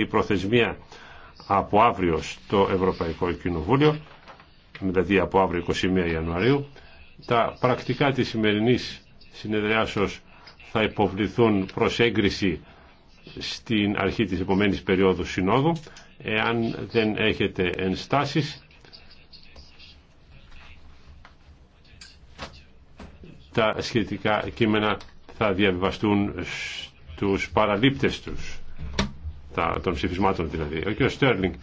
η προθεσμία από αύριο στο Ευρωπαϊκό Κοινοβούλιο, δηλαδή από αύριο 21 Ιανουαρίου. Τα πρακτικά της σημερινής συνεδριάσεως θα υποβληθούν προς έγκριση στην αρχή της επομένης περίοδου συνόδου. Εάν δεν έχετε ενστάσεις, τα σχετικά κείμενα θα διαβιβαστούν στους παραλήπτες τους των ψηφισμάτων δηλαδή. Ο κ. Στέρλινγκ,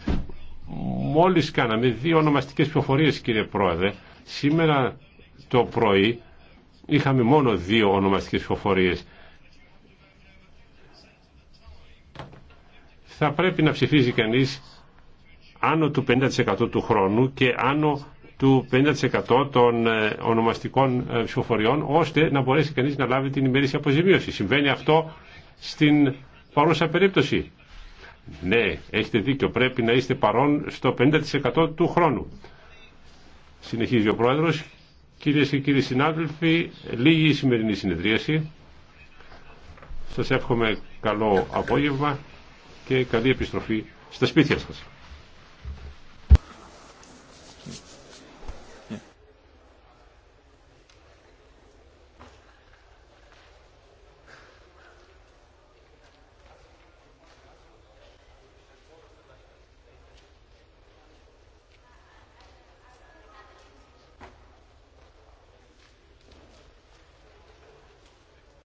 μόλις κάναμε δύο ονομαστικές ψηφοφορίες κύριε Πρόεδρε, σήμερα το πρωί είχαμε μόνο δύο ονομαστικές ψηφοφορίες. Θα πρέπει να ψηφίζει κανείς άνω του 50% του χρόνου και άνω του 50% των ε, ονομαστικών ε, ψηφοφοριών ώστε να μπορέσει κανείς να λάβει την ημερήσια αποζημίωση. Συμβαίνει αυτό στην παρούσα περίπτωση. Ναι, έχετε δίκιο, πρέπει να είστε παρόν στο 50% του χρόνου. Συνεχίζει ο Πρόεδρος. Κυρίε και κύριοι συνάδελφοι, λίγη η σημερινή συνεδρίαση. Σας εύχομαι καλό απόγευμα και καλή επιστροφή στα σπίτια σας.